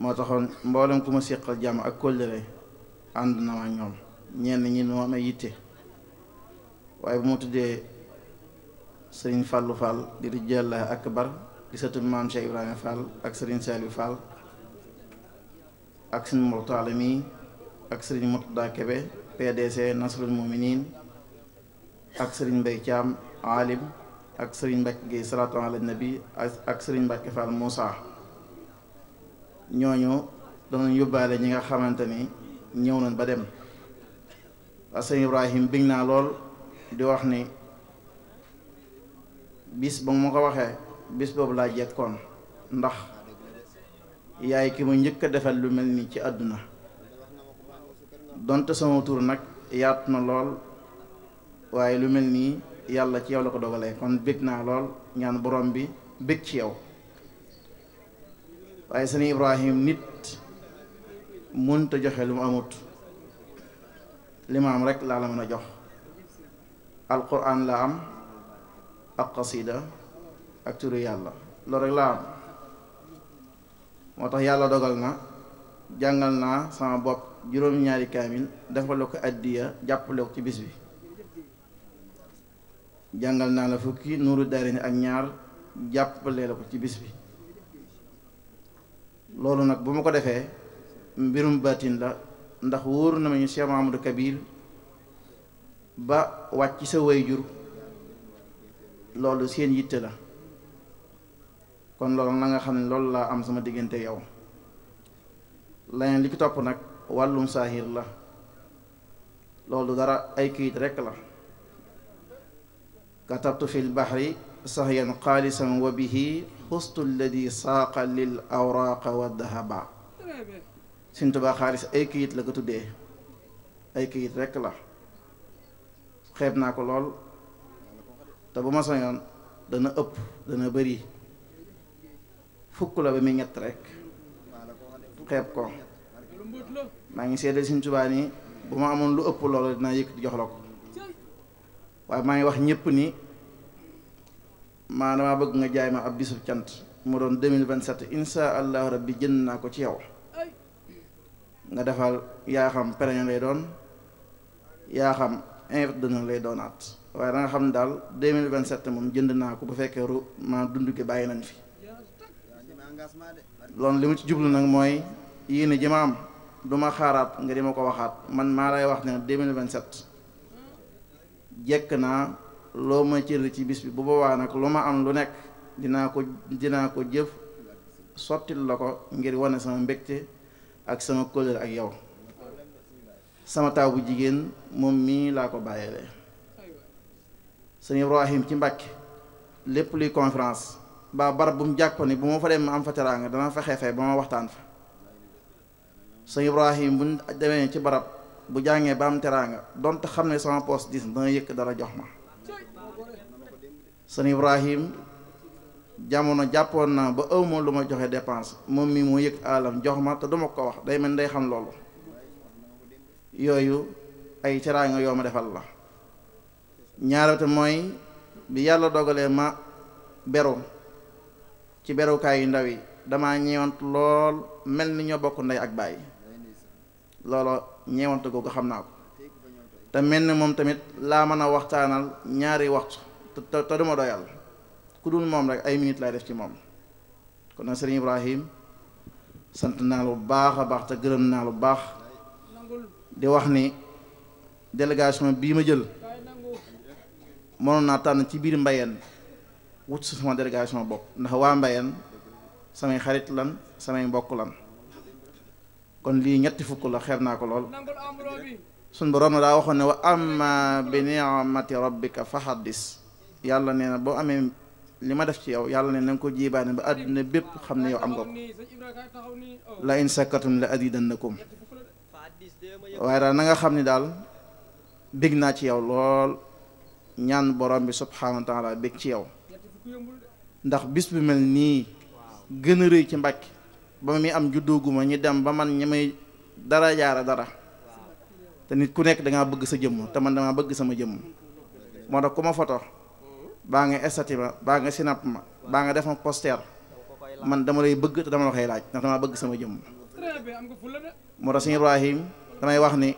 moo taxoon mboolem ku ma séqal jàmm ak kóllëre ànd na ma ñoom ñenn ñi nu amee yitte waaye bu ma tuddee sëriñ Fallou Fall di rijaalullaahi akbar di sëtu maam Cheikh Ibrahima Fall ak sëriñ Saliou Fall ak sëriñ Mortala mi ak sëriñ Murtada Kebe PDC Nasrul Muminin ak sëriñ Mbay Caam aalim ak sëriñ Mbàkke Gey salaatu sëriñ Mbàkke Fall ñooñu danañ yóbbaale ñi nga xamante ni ñëw nañ ba dem sëñ Ibrahim bég naa lool di wax ni bis ba ma ko waxee bis boobu laa jekkoon ndax yaay ki mu njëkk a defal lu mel nii ci àdduna donte sama tur nag yaatu na lool waaye lu mel nii yàlla ci yow la ko dogalee kon bég naa lool ñaan borom bi bég ci yow waaye sëñ Ibrahim nit mënta joxe lu mu amut li ma am rek laa la mën a jox alquran la am ak qasida ak turu yàlla loolu rek laa am moo tax yàlla dogal na jàngal naa sama bopp juróom-ñaari kaamil defal ko addiya jàppale ko ci bis bi jàngal naa la fukki nuuru daarayni ak ñaar jàppale la ko ci bis bi loolu nag bu ma ko defee mbirum baatin la ndax wóor na ma ñu Cheikh Mahamadou Kabir ba wàcc sa wayjur loolu seen yitte la kon loolu na xam ne loolu laa am sama diggante yow laneen li ci topp nag wàllum saahir la loolu dara ay kayit rekk la katabtu fil bahri sahyan xaalisan wa bihi xustu alladi saaqa lil awraaqa wa dahaba Sëñ xaalis ay kayit la ko tuddee ay kayit rekk la xeeb naa ko lool te bu ma sañoon dana ëpp dana bëri fukk la ba muy ñett rek xeeb ko maa ngi seede Sëñ Tuubaa bu ma amoon lu ëpp loolu dinaa yëkkati jox la ko waaye maa ngi wax ñépp ni maa damaa bëgg nga jaay ma ab bisub cant mu doon mil 2027 insha allahu rabbi jënd naa ko ci yow nga defal yaa xam pereña lay doon yaa xam invite d'honneur lay at waaye da xam ne daal 2027 moom jënd naa ko bu fekkee ru maa dund gi bàyyi nañ fi loolu li mu ci jublu nag mooy yéene ji ma am du ma xaaraat nga di ma ko waxaat man maa lay wax ne 2027 jekk naa loo ma cër ci bis bi bu boobaa nag lu ma am lu nekk dinaa ko dinaa ko jëf sottil la ko ngir wane sama mbégte ak sama kóllëre ak yow sama taaw bu jigéen moom mii laa ko bàyyeele sëñ Ibrahim ci Mbàkke lépp luy conférence ba barab bu mu jàpp ni bu ma fa dem ma am fa teraanga dana fa xeefee ba ma waxtaan fa sëñ Ibrahim bu ñu demee ci barab bu jàngee ba am teraanga donte xam ne sama poos dis dana yëkk dara jox ma sëñ Ibrahim jamono jàppoon naa ba awma lu ma joxe dépense moom mi mu yëg alam jox ma te duma ko wax day mel ni day xam loolu yooyu ay teraanga yow ma defal la ñaarete mooy bi yàlla dogalee ma beru ci berukaay yu ndaw yi dama ñeewant lool mel ni ñoo bokk ndey ak baay loolo ñeewant googu xam naa ko te mel ni moom tamit laa mën a waxtaanal ñaari waxtu te te duma doyal ku dul moom rek ay minit lay def ci moom kon nag sëriñ Ibrahim sant naa lu baax a baax te gërëm naa lu baax di wax ni délégation bii ma jël mënoon naa tànn ci biir mbayeen wut si sama délégation bopp ndax waa mbayeen samay xarit lan samay mbokk lan kon lii ñetti fukk la xeer naa ko lool suñ borom na daa waxoon ne wa amma bi ni'mati rabbika fa haddis yàlla nee na boo amee li ma def ci yow yàlla ne na nga ko jiibaane ba àdduna bépp xam ne yow am nga ko la in sakkatum la azidannakum waaye daal na nga xam ne daal bég naa ci yow lool ñaan borom bi subhaanahu wa taala ci yow ndax bis bu mel nii gën a rëy ci Mbàkke ba muy am juddooguma ñu dem ba man ñi may dara jaara dara te nit ku nekk dangaa bëgg sa jëmm te man damaa bëgg sama jëmm moo tax ku ma foto baa nga estati ma baa nga sinap ma baa nga def ma poster man dama lay bëgg te dama la koy laaj ndax damaa bëgg sama jëmm moo tax sëñ Ibrahim damay wax ni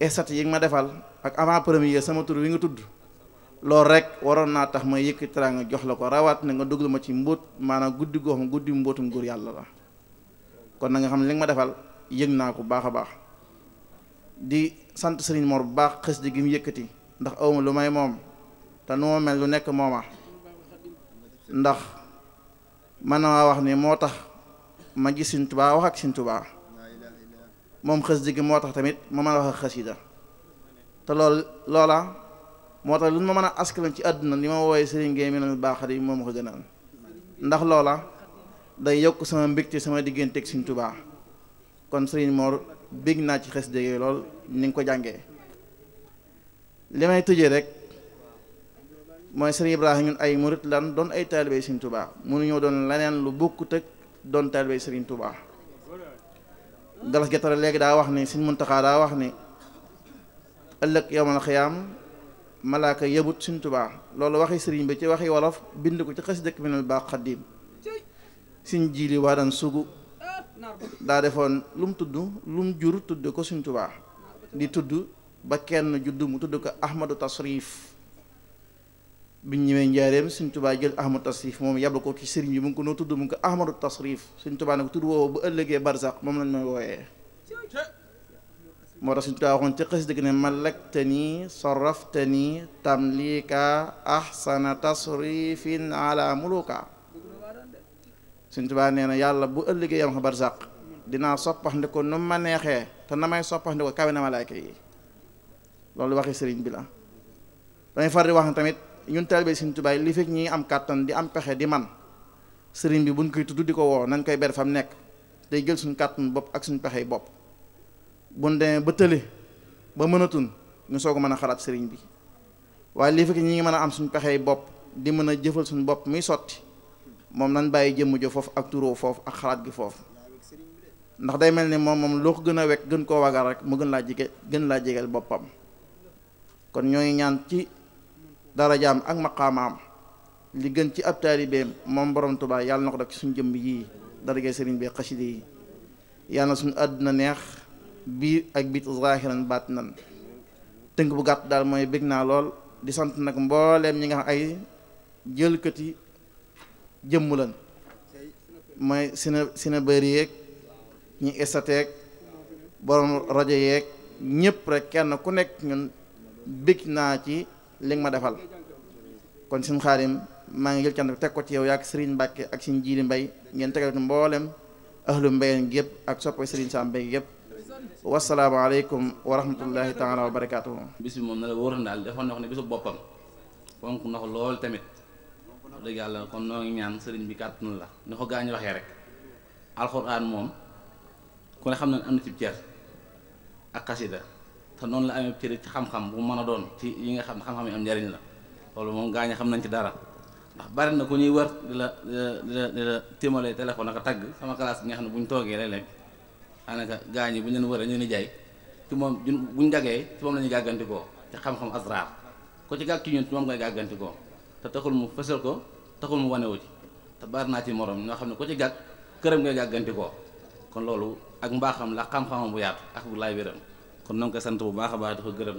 estati yi nga ma defal ak avant premier sama tur wi nga tudd loolu rek waroon naa tax ma yëkk teraanga jox la ko rawaat na nga dugal ma ci mbóot maanaam guddi goo xam guddi mbóotum góor yàlla la kon na nga xam ne li nga ma defal yëg naa ko baax a baax di sant sëriñ Mor bu baax xës di gi mu yëkkati te nu ma mel lu nekk mooma ndax man naa wax ni moo tax ma gis Sëñ Tuubaa wax ak sintubaa moom xës digi moo tax tamit ma mën a wax ak xasida te lool loola moo tax lu ma mën a askalan ci àdduna li ma wooye Sëriñ Gueye mi nal baaxat yi moom ko gënal ndax loola day yokk sama mbégte sama diggante ak Sëñ kon Sëriñ Mor bég naa ci xes digi lool ni nga ko jàngee li may tëjee rek mooy sëriñ Ibrahima ñun ay murit lan doon ay taalibey mu nu mënuñoo doon leneen lu bokkut ak doon taalibey sëriñ Tuubaa galas gettare léegi daa wax ni sëriñ Muntaxaa daa wax ni ëllëg yowmal xiyaam malaaka yëbut sëriñ Tuubaa loolu waxi sëriñ bi ci waxi wolof bind ko ci xasida Minal Baax Xaddiim sëriñ Jiili waa daan sugu daa defoon lu mu tudd lu mu jur tudd ko sëriñ Tuubaa di tudd ba kenn juddu mu tudd ko Ahmadu Tasrif biñ ñëwee njaareem sëñ tubaa jël ahmadu tasrif moom yàbal ko ci sëriñ bi mu ngi ko noo tudd mu ngi ko ahmadu tasrif sëñ tubaa ne ko tudd woowu bu ëllëgee barzaq moom lañ may wooyee moo tax sëñ tubaa waxoon ci xës dëgg ne malaktani saraftani tamlika ahsana tasrifin ala muluka sëñ tubaa nee na yàlla bu ëllëgee yam ko barzaq dinaa soppaxndi ko nu ma neexee te na may soppaxndi ko kawe malaayka yi loolu waxi sëriñ bi la damay far di wax na tamit ñun taalibe Sëriñ Tuubaa yi li fekk ñi am kàttan di am pexe di man sëriñ bi buñ koy tudd di ko woo nañ koy ber fam nekk day jël suñ kàttan bopp ak suñu pexe bopp buñ demee ba tële ba mënatun ñu soog mën a xalaat sëriñ bi waaye lii fekk ñi ngi mën a am suñu pexe bopp di mën a jëfal suñu bopp muy sotti moom nañ bàyyi jëmm jo foofu ak turoo foofu ak xalaat gi foofu ndax day mel ni moom moom loo ko gën a wekk gën koo wagar rek mu gën laa jege gën laa jegeel boppam darajaam ak maqaamaam li gën ci ab taalibeem moom borom Tuubaa yàlla na ko def ci suñ jëmm yii darajay sëriñ bi xaside yi yàlla na suñu àdduna neex biir ak biit zaahiran baatinan tënk bu gàtt daal mooy bég naa lool di sant nag mbooleem ñi nga xam ay jëlkati jëmm lan mooy sina sina bëri yeeg ñi estateeg borom rajo yeeg ñëpp rek kenn ku nekk ñun bég naa ci li ma defal kon suñu xaarim maa ngi jël cant teg ko ci yow yaak Serigne Mbacke ak suñu jiili mbay ngeen tegal ko mboolem ahlu mbayeen gi ak soppe Serigne Sam Mbaye yëpp wa rahmatullahi taala wa barakaatuhu. bis bi moom na la wóoroon daal defoon na ko ne bisu boppam fonk na lool tamit wax yàlla kon noo ngi ñaan Serigne bi kàttan la ni ko gaañ waxee rek alxuraan moom ku ne xam na am na ci cër ak xasida te noonu la amee cëri ci xam-xam bu mën a doon ci yi nga xam xam-xam yi am njariñ la loolu moom gaañ xam nañ ci dara ndax bari na ku ñuy wër di la di la di la timalee téléphone ak a tagg sama classe bi nga xam ne bu ñu toogee léeg-léeg daanaka gaañ yi bu ñu leen wëree ñu ni jaay ci moom bu ñu jagee ci moom la ñuy gàggantikoo ci xam-xam asraar ko ci gàgg ci ñun ci moom ngay gàggantikoo te taxul mu fësal ko taxul mu wane wanewu ci te bari naa ci morom ñoo xam ne ko ci gàgg këram ngay gàggantikoo kon loolu ak mbaaxam la xam-xamam bu yaatu ak bu laay wéram kon na sant bu baax a baax di ko gërëm.